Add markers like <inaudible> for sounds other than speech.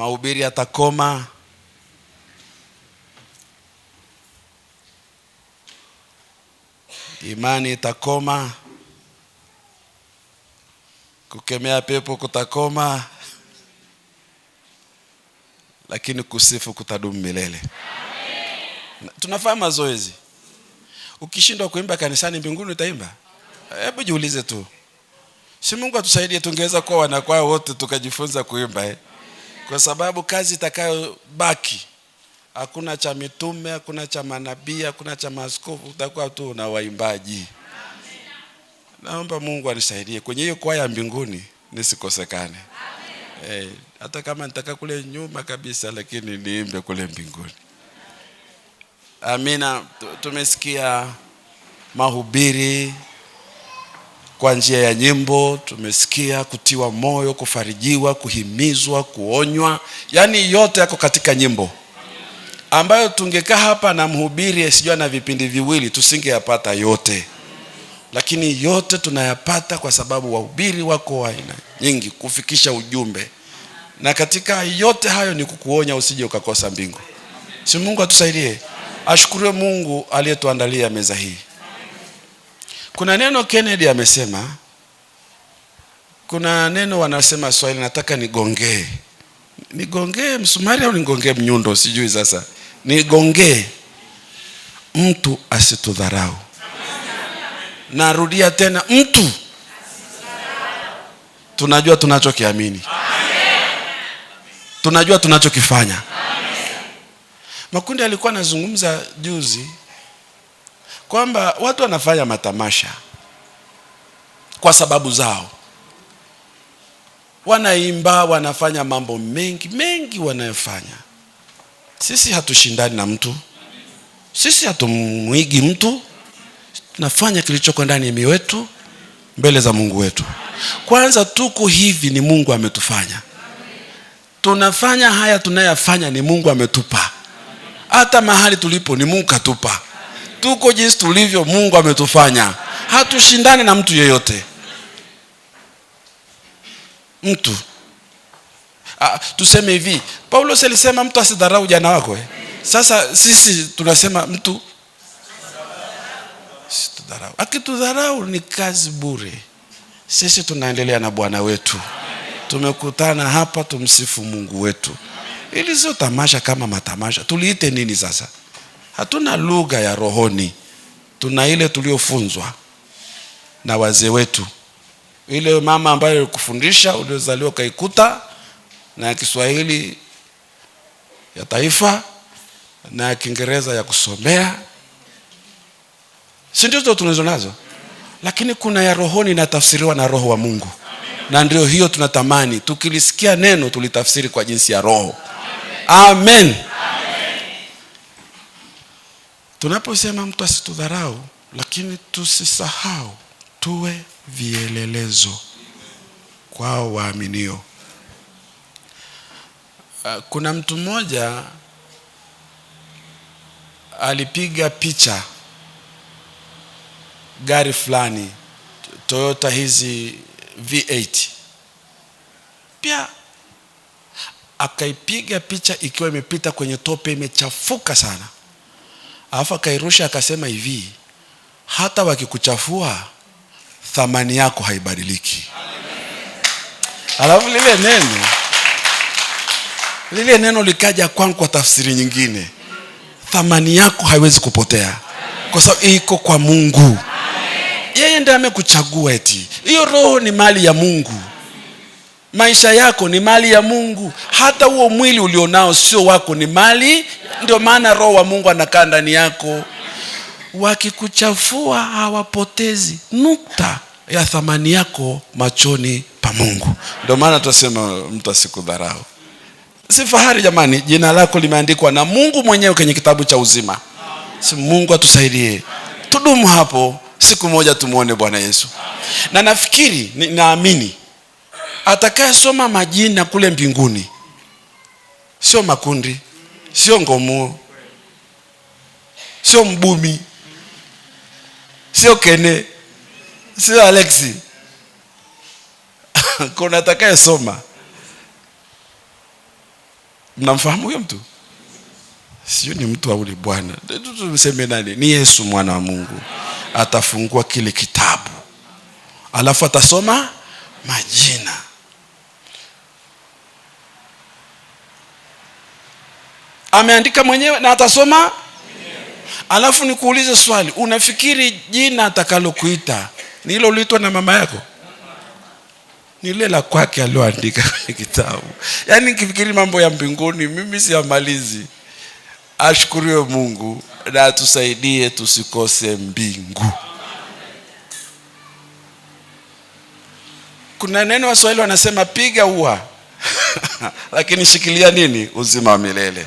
mahubiri yatakoma. Imani itakoma. Kukemea pepo kutakoma, lakini kusifu kutadumu milele. tunafaa mazoezi. Ukishindwa kuimba kanisani, mbinguni utaimba? Hebu jiulize tu, si Mungu atusaidie. Tungeweza kuwa wanakwaa wote tukajifunza kuimba eh? kwa sababu kazi itakayobaki hakuna cha mitume, hakuna cha manabii, hakuna cha maaskofu, utakuwa tu na waimbaji. Naomba Mungu anisaidie kwenye hiyo kwaya mbinguni nisikosekane. Hey, eh, hata kama nitaka kule nyuma kabisa, lakini niimbe kule mbinguni. Amina. Tumesikia mahubiri kwa njia ya nyimbo tumesikia kutiwa moyo, kufarijiwa, kuhimizwa, kuonywa, yaani yote yako katika nyimbo ambayo tungekaa hapa na mhubiri asijua na vipindi viwili tusingeyapata yote, lakini yote tunayapata kwa sababu wahubiri wako aina nyingi kufikisha ujumbe, na katika yote hayo ni kukuonya usije ukakosa mbingu. Si Mungu atusaidie. Ashukuriwe Mungu aliyetuandalia meza hii. Kuna neno Kennedy amesema, kuna neno wanasema Swahili, nataka nigongee. Nigongee msumari au nigongee mnyundo? Sijui sasa, nigongee. Mtu asitudharau. Narudia tena, mtu tunajua tunachokiamini, tunajua tunachokifanya. Makundi alikuwa anazungumza juzi kwamba watu wanafanya matamasha kwa sababu zao, wanaimba, wanafanya mambo mengi mengi wanayofanya. Sisi hatushindani na mtu, sisi hatumwigi mtu, tunafanya kilichoko ndani ya miwetu mbele za Mungu wetu. Kwanza tuko hivi, ni Mungu ametufanya tunafanya haya tunayafanya, ni Mungu ametupa. Hata mahali tulipo ni Mungu katupa tuko jinsi tulivyo, Mungu ametufanya, hatushindani na mtu yeyote. Mtu ah, tuseme hivi, Paulo alisema mtu asidharau jana wako eh? Sasa sisi tunasema mtu situdharau, akitudharau ni kazi bure. Sisi tunaendelea na Bwana wetu, tumekutana hapa tumsifu Mungu wetu. Ili sio tamasha kama matamasha, tuliite nini sasa? Hatuna lugha ya rohoni, tuna ile tuliofunzwa na wazee wetu, ile mama ambayo ilikufundisha uliozaliwa ukaikuta, na ya Kiswahili ya taifa na ya Kiingereza ya kusomea, si ndizo tunazo nazo? Lakini kuna ya rohoni inatafsiriwa na Roho wa Mungu, na ndio hiyo tunatamani, tukilisikia neno tulitafsiri kwa jinsi ya Roho. Amen. Tunaposema mtu asitudharau, lakini tusisahau tuwe vielelezo kwao waaminio. Ah, kuna mtu mmoja alipiga picha gari fulani Toyota hizi V8 pia akaipiga picha ikiwa imepita kwenye tope, imechafuka sana alafu akairusha akasema hivi, hata wakikuchafua thamani yako haibadiliki. Alafu lile neno lile neno likaja kwangu kwa tafsiri nyingine, thamani yako haiwezi kupotea kwa sababu iko kwa Mungu. Yeye ndiye amekuchagua. Eti hiyo roho ni mali ya Mungu, maisha yako ni mali ya Mungu, hata huo mwili ulionao sio wako, ni mali ndio maana roho wa Mungu anakaa ndani yako. Wakikuchafua hawapotezi nukta ya thamani yako machoni pa Mungu. Ndio maana tunasema mtu asikudharau. Si fahari jamani, jina lako limeandikwa na Mungu mwenyewe kwenye kitabu cha uzima. Si Mungu atusaidie tudumu hapo, siku moja tumwone Bwana Yesu. Na nafikiri naamini atakayesoma majina kule mbinguni sio makundi sio Ngomuo, sio Mbumi, sio Kene, sio Alexi. <laughs> kuna atakaye soma, mnamfahamu huyo mtu? Sio ni mtu auli bwana, tuseme nani? Ni Yesu mwana wa Mungu. Atafungua kile kitabu alafu atasoma majini ameandika mwenyewe na atasoma. Alafu nikuulize swali, unafikiri jina atakalokuita ni hilo uliitwa na mama yako? Ni lile la kwake alioandika kwenye kitabu. Yaani nikifikiri mambo ya mbinguni mimi siyamalizi. Ashukuriwe Mungu na atusaidie tusikose mbingu. Kuna neno Waswahili wanasema piga ua <laughs> lakini shikilia nini? Uzima wa milele.